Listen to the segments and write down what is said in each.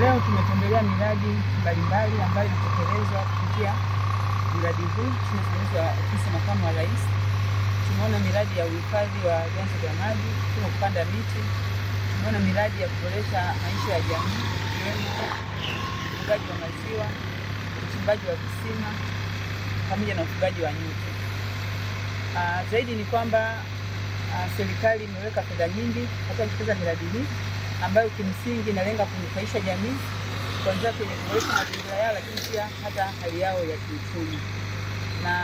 Leo tumetembelea miradi mbalimbali ambayo inatekelezwa kupitia mradi huu tunaofanyiwa ofisi makamu wa rais. Tumeona miradi ya uhifadhi wa vyanzo vya maji, kuna kupanda miti, tumeona miradi ya kuboresha maisha ya jamii ikiwemo ufugaji wa maziwa, uchimbaji wa visima pamoja na ufugaji wa nyuki. Ah, zaidi ni kwamba ah, serikali imeweka fedha nyingi katika kutekeleza miradi hii ambayo kimsingi inalenga kunufaisha jamii kuanzia kwenye kuboresha mazingira yao, lakini pia hata hali yao ya kiuchumi. Na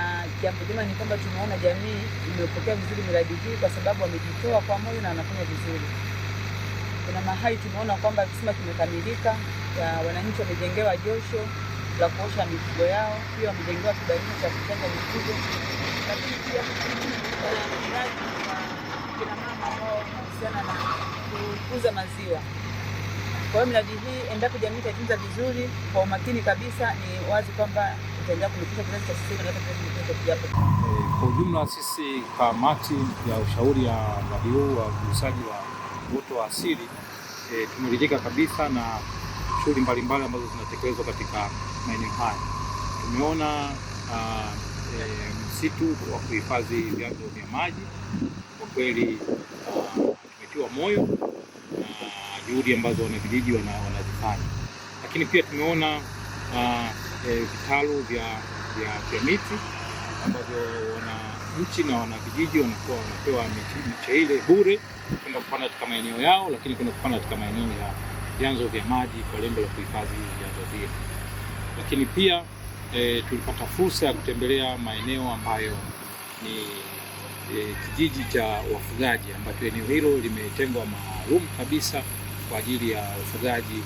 jambo jema ni kwamba tumeona jamii imepokea vizuri miradi hii kwa sababu wamejitoa kwa moyo na wanafanya vizuri. Kuna mahali tumeona kwamba kisima kimekamilika, wananchi wamejengewa josho la kuosha mifugo yao, pia wamejengewa kibanio cha kuchanja mifugo, lakini pia miradi kuuza maziwa. Kwa hiyo miradi hii, endapo jamii itaitunza vizuri kwa umakini kabisa, ni wazi kwamba itaendelea kunufaisha kizazi cha sasa. Eh, kwa ujumla, sisi kamati ya ushauri ya mradi huu wa ugusaji wa uoto wa asili e, tumeridhika kabisa na shughuli mbalimbali ambazo zinatekelezwa katika maeneo haya. Tumeona uh, e, msitu wa kuhifadhi vyanzo vya maji kwa kweli uh, tumetiwa moyo juhudi ambazo wanavijiji wanazifanya, lakini pia tumeona uh, e, vya, vya, vya miti ambavyo wananchi na wanavijiji wanakuwa wanapewa miche ile bure kwenda kupanda katika maeneo yao, lakini kwenda kupanda katika maeneo ya vyanzo vya maji kwa lengo la kuhifadhi vyanzo vile. Lakini pia e, tulipata fursa ya kutembelea maeneo ambayo ni e, kijiji cha wafugaji ambacho eneo hilo limetengwa maalum kabisa 挂机的呀，存在机。